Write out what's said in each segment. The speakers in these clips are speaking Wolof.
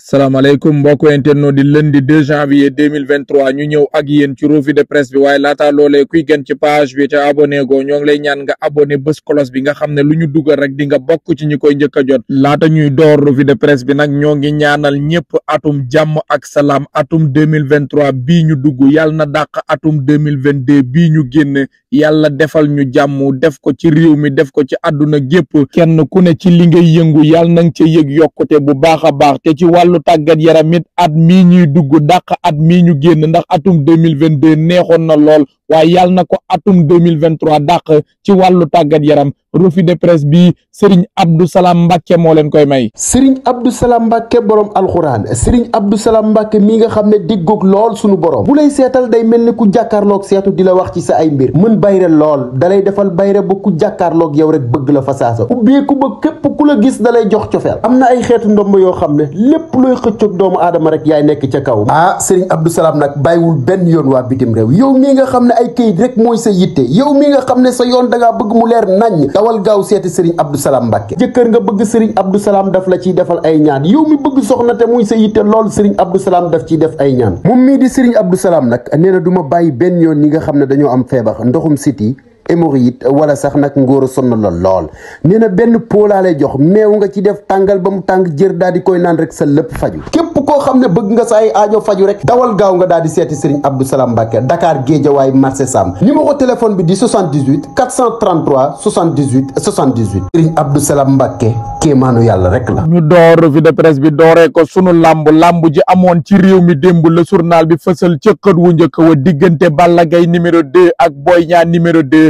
salaamaaleykum mbokk internet di lundi 2 janvier 2023 ñu ñëw ak yéen ci revue de presse bi waaye laata loolee kuy gën ci page bi ca abonné go ñoo ngi lay ñaan nga abonné bés kolos nga xam ne lu ñu dugal rek di nga bokk ci ñi koy njëkk a jot laata ñuy door de presse bi nag ñoo ngi ñaanal ñëpp atum jàmm ak salaam atum 2023 bii ñu dugg yàlla na dàq atum 2022 bii ñu génn yàlla defal ñu jàmm def ko ci réew mi def ko ci àdduna gépp kenn ku ne ci li ngay yëngu yàlla na nga ca yëg yokkute bu baax a baax te ci wàll wàllu tàggat yaram it at mii ñuy dugg dàq at mii ñu génn ndax vingt 2022 neexoon na lool waa yàlla na ko atum 2023 dàq ci wàllu tàggat yaram revue de presse bi Serigne Abdou salaam Mbacke moo leen koy may. Serigne Abdou Salam Mbacke borom alxuraan Serigne Abdou Salam Mbacke mi nga xam ne diggoog lool sunu borom bu lay seetal day mel ni ku jàkkaarloog seetu di la wax ci sa ay mbir mën bayre lool dalay defal bayre ba ku jàkkaarloog yow rek bëgg la fa saasa ubbeeku ba képp ku la gis dalay jox cofeel am na ay xeetu ndomb yoo xam ne lépp looy xëccoog doomu aadama rek yaay nekk ca kaw. ah Serigne Abdou Salam nag bàyyiwul benn yoon waa bitim yow mi nga ay kayit rek mooy sa yitte yow mi nga xam ne sa yoon da bëgg mu leer naññ dawal gaaw seeti sëriñ Abdou Salam Mbacke jëkkër nga bëgg sëriñ Abdou Salam daf la ciy defal ay ñaan yow mi bëgg soxna te muy sa yitte lool sëriñ Abdou Salam daf ciy def ay ñaan moom mii di sëriñ Abdou Salam nag nee na du ma bàyyi benn yoon ñi nga xam ne dañoo am feebar ndoxum siti hémorroïde wala sax nag ngóor a sonn la lool nee na benn pot laa lay jox meew nga ci def tàngal ba mu tàng jër daal di koy naan rek sa lépp faju képp koo xam ne bëgg nga sa ay aajo faju rek dawal gaaw nga daal di seeti Serigne Abdou Salam Mbacké Dakar Guédiawaye marché Sam numéro téléphone bi di 78 433 78 78 Serigne Abdou Salam Mbacké kéemaanu yàlla rek la ñu door revue de presse bi dooree ko sunu lamb lamb ji amoon ci réew mi démb le journal bi fësal ca xët wu njëkk wa diggante Balla Gaye numéro 2 ak Boy Niang numéro 2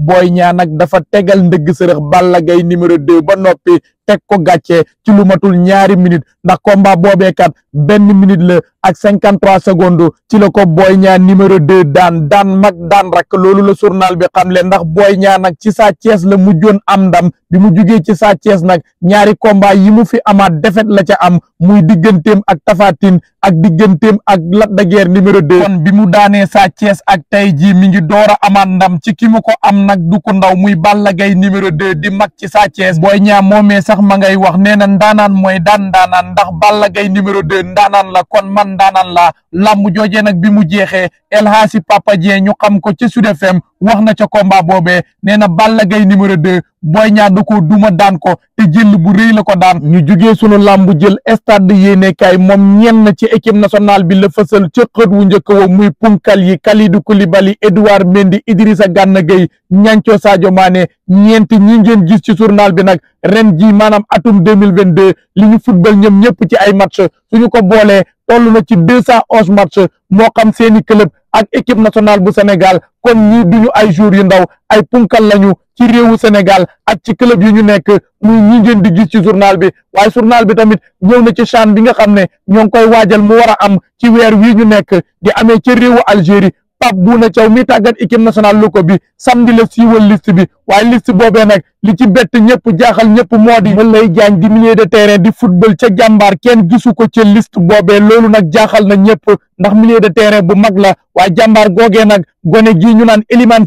Boy Niang nag dafa tegal ndëgg sërëx Balla Gaye numéro 2 ba noppi teg ko gàccee ci lu ñaari minute ndax combat boobeekat benn minute la ak cinquante trois secondes ci la ko Boy Niang numéro 2 daan daan mag daan rakk loolu la journal bi xam xamle ndax Boy Niang nag ci Sa la mujjoon am ndam bi mu jugee ci Sa nag ñaari combat yi mu fi amaat defet la ca am muy digganteem ak Tapha ak digganteem ak Lac de numéro 2 bi mu daanee Sa Thiès ak tey jii mi ngi door amaat ndam ci ki ko am nag du ku ndaw muy Balla Gaye numéro 2 di mag ci Sa Thiès Boy Niang moomee sax ma ngay wax nee na ndaanaan mooy daan ndaanaan ndax Balla Gaye numéro 2 ndaanaan la kon man ndaanaan la la joojee nag bi mu jeexee El Hadji Papa Dieng ko ci Sud FM wax na ca combat boobee nee na Balla Gaye numéro deux Boy Niang da ko duma daan ko te jël bu rëy ko daan ñu jugee sunu làmb jël stade yéenekaay moom ñenn ci équipe nationale bi la fësal ca xët wu njëkk wa muy punkal yi Kalidou Koulibaly Edouard Mendy Idrissa Gana Gueye ñanco Sadio Mané ñeenti ñi ngeen jis ci journal bi nag ren ji maanaam atum deux mille vingt deux li ñu football ñoom ñëpp ci ay match suñu ko boolee toll na ci deux cent onze match moo xam seeni club ak équipe nationale bu Sénégal kon ñii duñu ay jour yu ndaw ay punkal lañu ci réewu Sénégal ak ci club yu ñu nekk muy ñi ngeen di gis ci journal bi waaye journal bi tamit ñëw na ci CHAN bi nga xam ne ñoo ngi koy waajal mu war a am ci weer wii ñu nekk di amee ci réewu Algérie Pape Bouna Thiaw mi tàggat équipe national lu ko bi samedi la siiwal liste bi waaye liste boobee nag li ci bett ñëpp jaaxal ñëpp moo di Moulay Diagne di milieu de terrain di football ca jàmbaar kenn gisu ko ca liste boobee loolu nag jaaxal na ñëpp ndax milieu de terrain bu mag la waaye jàmbaar googee nag gone gii ñu naan Elimane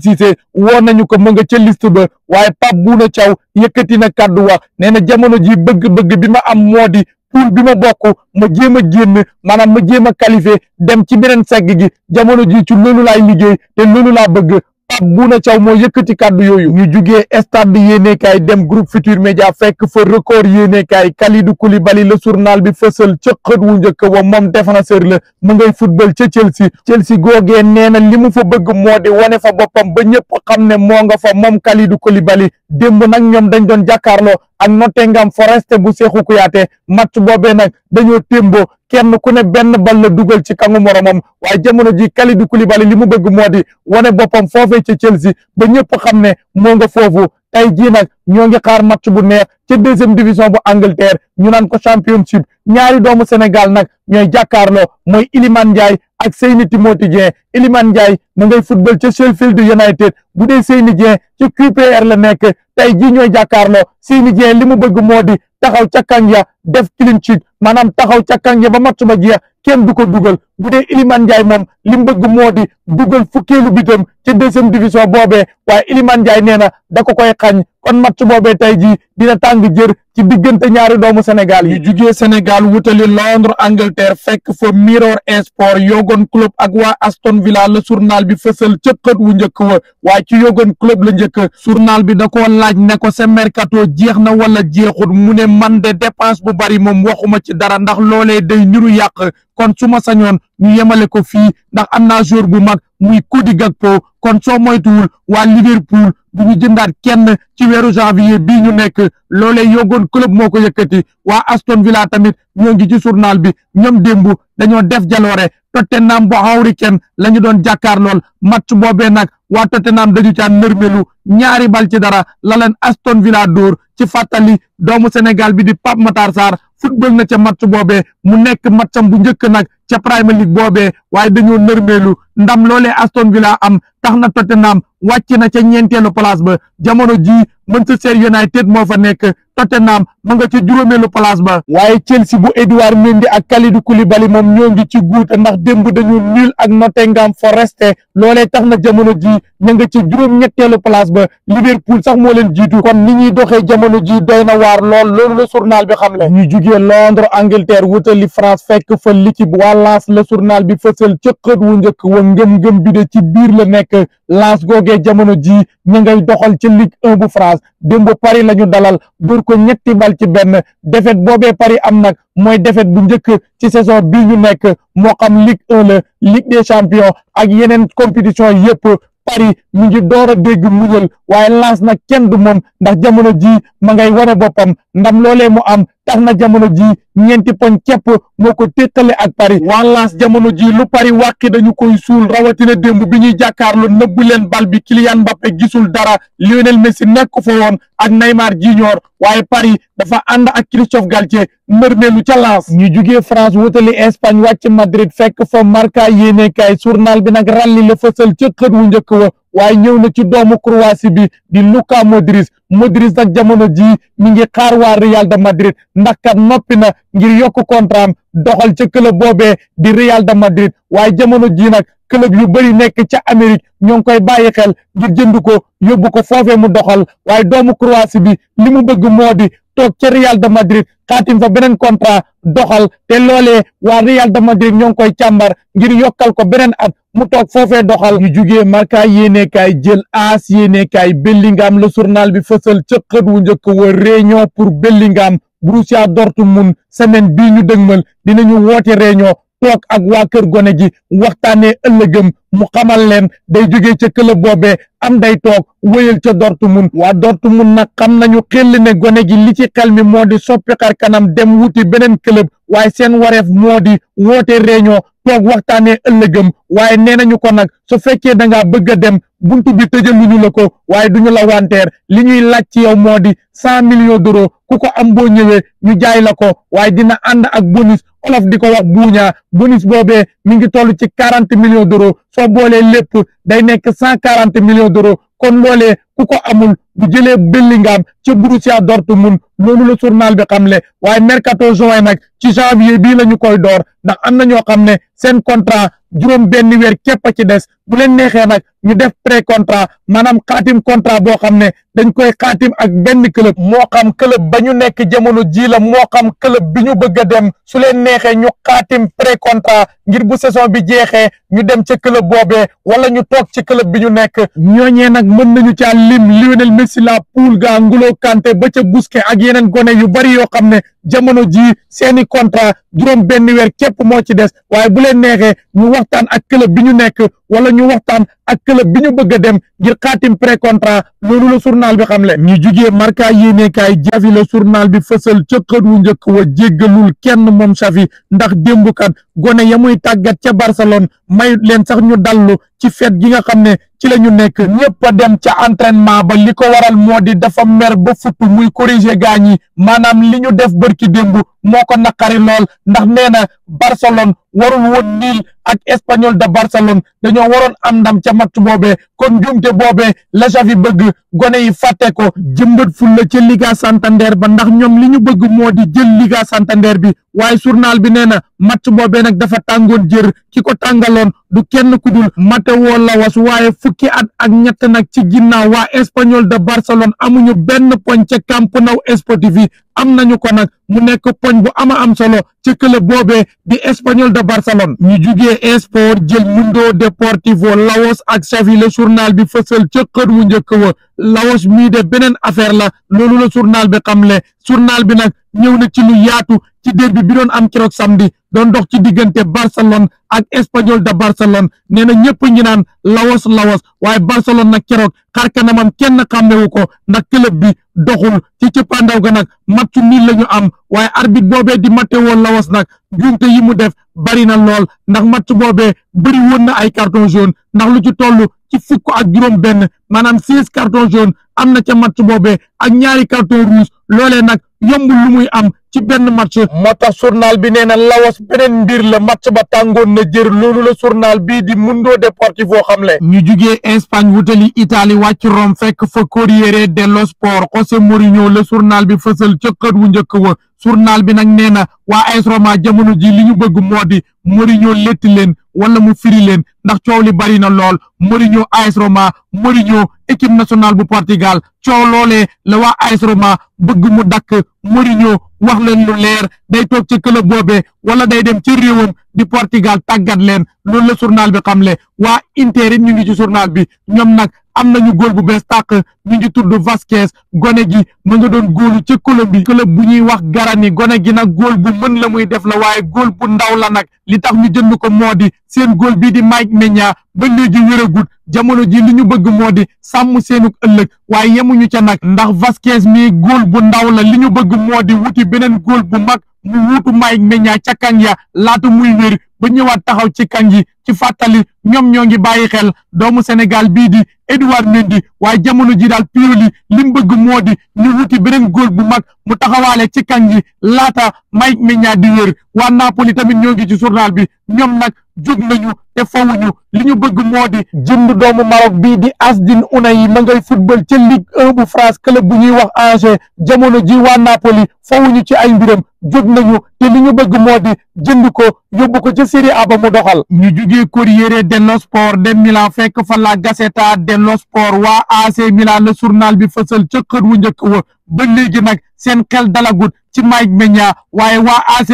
wo woo nañu ko mu nga ca liste ba waaye Pape Bouna Thiaw yëkkati na kàddu wax nee na jamono ji bëgg-bëgg bi am moo di pool bi ma bokk ma jéem a génn maanaam ma jéem a qualifié dem ci beneen segg gi jamono ji ci loolu laay liggéey te loolu laa bëgg Pape Bouna Thiaw moo yëkkati kàddu yooyu ñu jugee stade bi yéenekaay dem groupe Futur Média fekk fa record yéenekaay Kalidou kolibali la journal bi fësal ca xët wu njëkk wa moom défenseur la mu ngay football ca Chelsea Chelsea googee nee na li mu fa bëgg moo di wane fa boppam ba ñëpp xam ne moo nga fa moom Kalidou Koulibaly démb nag ñoom dañ doon jàkkaarloo ak Nottingham Forest bu Cheikhou Kouyaté match boobee nag dañoo témboo kenn ku ne benn bal la dugal ci kangu moromam waaye jamono ji Kalidou Koulibaly li mu bëgg moo di wane boppam foofee ca Chelsea ba ñëpp xam ne moo nga foofu tey jii nag ñoo ngi xaar match bu neex ca deuxième division bu Angleterre ñu naan ko championship ñaari doomu Sénégal nag ñooy jàkkaarloo mooy Iliman Ndiaye ak Seyni Timothy Dieng Iliman Ndiaye mu ngay football ca Sheffield United bu dee Seyni Dieng ca QPR la nekk tey jii ñooy jàkkaarloo Seyni Dieng li mu bëgg moo di taxaw ca Kangya def clean sheet maanaam taxaw ca kange ba match ba jeex kenn du ko dugal bu dee Iliman Ndiaye moom li mu bëgg moo di dugal fukkeelu bitam ci deuxième division boobee waaye Iliman Ndiaye nee na da ko koy xañ kon match boobee tey jii dina tàng jër ci diggante ñaari doomu Sénégal yi. yu jugee Sénégal wutali Londres Angleterre fekk fa Mirror Sport Yogon Club ak waa Aston Villa la journal bi fësal ca xët wu njëkk wa waaye ci Yogon Club la njëkk journal bi da koo laaj ne ko sa mercato jeex na wala jeexut mu ne man de dépense bu bari moom waxuma ci dara ndax loolee day niru yàq kon su ma sañoon ñu ko fii ndax am naa jour bu mag. muy Cody Gakpo kon soo moytuwul waa Liverpool bu jëndaat kenn ci weeru janvier bii ñu nekk loole yogoon club moo ko yëkkati waa Aston Villa tamit ñoo ngi ci journal bi ñoom démb dañoo def jaloore Tottenham bu xawri kenn la ñu doon jàkkaar lool match boobee nag waa Tottenham dañu caa nërmelu ñaari bal ci dara la leen Aston Villa dóor ci fàttali doomu Sénégal bi di Pape Matar Sarr football na ca match boobee mu nekk matcham bu njëkk nag ca Premier League boobee waaye dañoo nërmeelu ndam loolee Aston Villa am tax na nam wàcc na ca ñeenteelu place ba jamono ji Manchester United moo fa nekk Tottenham ma nga ca juróomeelu place ba waaye Chelsea bu Edouard Mendy ak Kalidou Koulibaly moom ñoo ngi ci guut ndax démb dañu nul ak Nottingham Forest loolee tax na jamono ji ña nga ca juróom-ñetteelu place ba Liverpool sax moo leen jiitu kon ni ñuy doxee jamono ji doy na waar lool loolu la journal bi xam le ñu jugee Londres Angleterre wutali France fekk fa l'équipe wàllaas la journal bi fësal ca xët wu njëkk wa ngëm gëm bi de ci biir la nekk Lens googee jamono jii ñu ngay doxal ci Ligue 1 bu France démb Paris la ñu dalal dóor ko ñetti bal ci benn défaite boobee Paris am nag mooy défaite bu njëkk ci saison bii ñu nekk moo xam Ligue 1 la Ligue des champions ak yeneen compétition yépp Paris mi ngi door a dégg muñal waaye Lens nag kenn du moom ndax jamono jii ma ngay wane boppam ndam loolee mu am tax na jamono ji ñeenti poñ képp moo ko téqale ak Paris Lens jamono ji lu Paris wàqi dañu koy suul rawatina démb bi ñuy loo nëbbu leen bal bi Kylian Mbappé gisul dara Lionel Messi nekk fa woon ak Neymar Junior waaye Paris dafa ànd ak Christophe Galtier mërmeelu ca Lens ñu jugee France wutali Espagne wàcc Madrid fekk fa Marca yéenekaay journal bi nag ralli la fësal ca xët wu njëkk wa waaye ñëw na ci doomu Croatie bi di Luka Modric Modric nag jamono ji mi ngi xaar waa Real de Madrid ndax kat noppi na ngir yokk contrat am doxal ca club boobee di Real de Madrid waaye jamono jii nag club yu bëri nekk ca Amérique ñoo ngi koy bàyyi xel ngir jënd ko yóbbu ko foofee mu doxal waaye doomu Croatie bi li mu bëgg moo di toog ca Real de Madrid xaatim fa beneen contrat doxal te wa waa Real de Madrid ñoo ngi koy càmbar ngir yokkal ko beneen at mu toog foofee doxal ñu jugee Marca yéenekaay jël AS yéenekaay Bellingham le journal bi fësal ca xët wu njëkk wa réunion pour Bellingham Borussia Dortmund semaine bii ñu dina dinañu woote réunion toog ak waa kër gone gi waxtaanee ëllëgëm mu xamal leen day jógee ca club boobee am day toog wéyal ca Dortmund waa Dortmund nag xam nañu xel ne gone gi li ci xel mi moo di soppi xar kanam dem wuti beneen club waaye seen wareef moo di woote réunion toog waxtaanee ëllëgëm waaye nee nañu ko nag su fekkee da bëgg a dem buntu bi tëjaluñu la ko waaye duñu la wanteer li ñuy laaj ci yow moo di cent millions d'euros ku ko am boo ñëwee ñu jaay la ko waaye dina ànd ak bonus olof di ko wax buuñaa bonus boobee mi ngi toll ci quarante millions d'euros soo boolee lépp day nekk cent quarante millions d'euros kon loolee ku ko amul bu jëlee Bellingham ca Borussia Dortmund loolu la journal bi xam le waaye mercato juin nag ci janvier bii la ñu koy door ndax am na ñoo xam ne seen contrat juróom benn weer képp ci des bu leen neexee nag ñu def pré contrat maanaam xaatim contrat boo xam ne dañ koy xaatim ak benn club moo xam club ba ñu nekk jamono ji la moo xam club bi ñu bëgg a dem su leen neexee ñu xaatim pré contrat ngir bu saison bi jeexee ñu dem ca club boobe wala ñu toog ci club bi ñu nekk ñooñee nag mën lim Lionel Messi la poule ga N'Golo Kanté ba ca Busquets ak yeneen gone yu bari yoo xam ne jamono jii seeni contrat juróom benn weer képp moo ci des waaye bu leen neexee ñu waxtaan ak club bi ñu nekk wala ñu waxtaan ak club bi ñu bëgg a dem ngir xaatim pré contrat loolu la journal bi xamle ñu jugee marka yéenekaay javi la journal bi fësal ca xët wu njëkk wa jéggalul kenn moom Xavi ndax démbukat gone ya muy tàggat ca Barcelone mayut leen sax ñu dallu ci fête gi nga xam ne ci la ñu nekk ñëpp dem ca entraînement ba li ko waral moo di dafa mer ba futtu muy corriger gaañ ñi maanaam li ñu def bërki démb moo ko naqari lool ndax nee na Barcelone warul woon ak Espagnol de Barcelone dañoo waroon am ndam ca match boobee kon njuumte boobee la Xavi bëgg gone yi fàtte ko jëmbat ful la ca Liga Santander ba ndax ñoom li ñu bëgg moo di jël Liga Santander bi waaye journal bi nee na match boobee nag dafa tàngoon jër ki ko tàngaloon du kenn ku dul Mateo Lawas waaye fukki at ak ñett nag ci ginnaaw waa español de Barcelone amuñu benn poñ ca Camp Nou Sportif am nañu ko nag mu nekk poñ bu ama am solo ci club boobee di Espagnol de Barcelone ñu RT Sport jël Mundo Deportivo Laos ak Xavi la journal bi fësal ca xët wu njëkk wo Laos mii beneen affaire la loolu la journal bi xamle journal bi nag ñëw na ci lu yaatu ci derbi bi doon am keroog samedi don dox ci diggante Barcelone ak Espanyol de Barcelone nee na ñëpp ñi naan lawas lawas waaye Barcelone nag keroog xar kanamam kenn xàmmewu ko ndax club bi doxul ci cëppaandaw ga nag match nii la ñu am waaye arbitre boobee di Mateo Lawas nag njuumte yi mu def bari na lool ndax match boobee bëri woon na ay carton jaune ndax lu ci toll ci fukk ak juróom benn maanaam seize carton jaune am na ca match boobee ak ñaari carton rouge loolee nag yombul lu muy am ci benn match moo tax journal bi nee na lawas beneen mbir la match ba tàngoon na jër loolu la journal bii di Mundo Deportivo xamle ñu jugee Espagne wutali itali wàcc Rome fekk fa Corriere dello Sport José Mourinho la journal bi fësal ca xët wu njëkk wa journal bi nag nee na waa AS Roma jamono ji li ñu bëgg moo di Mourinho letti leen wala mu firi leen ndax coow li bari na lool Mourinho AS Roma Mourinho équipe nationale bu Portugal coow loole la waa AS Roma bëgg mu dakk Mourinho wax leen lu leer day toog ca club boobee wala day dem ci réewam di Portugal tàggat leen loolu la journal bi xamle waa Inter it ñu ngi ci journal bi ñoom nag am nañu góol bu bees tàq ñu ngi tudd Vasquez gone gi ma nga doon góolu ca Colombie club bu ñuy wax Guarani gone gi na góol bu mën la muy def la waaye góol bu ndaw la nag li tax ñu jënd ko moo di seen góol bii di Mike Maignan ba léegi wéragut jamono ji li ñu bëgg moo di sàmm seenu ëllëg waaye yemuñu ca nag ndax Vasquez mii góol bu ndaw la li ñu bëgg moo di wuti beneen góol bu mag mu wuutu Malick Niang ca kang ya laata muy wér ba ñëwaat taxaw ci kang yi ci fàttali ñoom ñoo ngi bàyyi xel doomu Sénégal bii di Edouard Mendy waaye jamono ji daal Pioli li mu bëgg moo di ñu wuti beneen góol bu mag mu taxawaale ci kan ji laata may Maignan di wér waa Napoli tamit ñoo ngi ci journal bi ñoom nag jóg nañu te fawuñu li ñu bëgg moo di jënd doomu Maroc bii di Azzedine Ounahi ma ngay football ca Ligue 1 bu France club bu ñuy wax Angers jamono ji waa Napoli fawuñu ci ay mbiram jóg nañu te li ñu bëgg moo di jënd ko yóbbu ko ca Serie A ba mu doxal ñu jugee Corriere dello sport dem Milan fekk fa la Gazzetta dello sport waa AC Milan la journal bi fësal ca xët wu njëkk wa ba léegi nag seen xel dalagut ci Mike Maignan waaye waa AC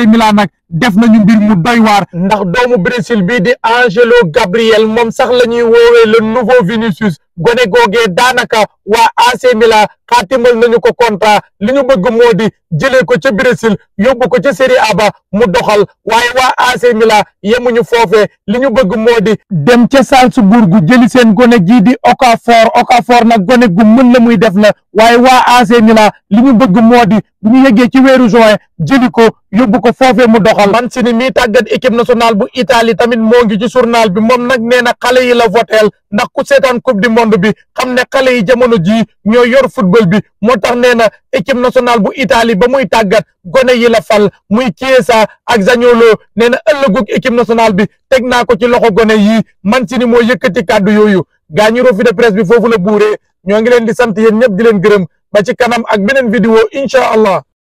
def nañu mbir mu doy waar ndax doomu Brésil bii di Angelo Gabriel moom sax la ñuy woowee le nouveau Vinicius gone googee daanaka waa AC Milan xaatimal nañu ko contrat li ñu bëgg moo di jëlee ko ca Brésil yóbbu ko ca Serie A ba mu doxal waaye waa AC Milan yemuñu foofee li ñu bëgg moo dem ca Salzbourg jëli seen gone gii di Okafor Okafor nag gone gu mën la muy def la waaye waa AC Milan li ñu bëgg moo di bu ñu yeggee ci weeru juin jëli ko yóbbu ko foofee mu doxal Mancini mii tàggat équipe nationale bu Italie tamit moo ngi ci journal bi moom nag nee na xale yi la voteel ndax ku seetaan coupe du monde bi xam ne xale yi jamono jii ñoo yor football bi moo tax nee na équipe nationale bu itali ba muy tàggat gone yi la fal muy Chiesa ak Zaniolo nee na ëllëgug équipe nationale bi teg naa ko ci loxo gone yii Mancini moo yëkkati kàddu yooyu gaa ñi revue de presse bi foofu la buuree ñoo ngi leen di sant yéen ñëpp di leen gërëm ba ci kanam ak beneen vidéo incha allah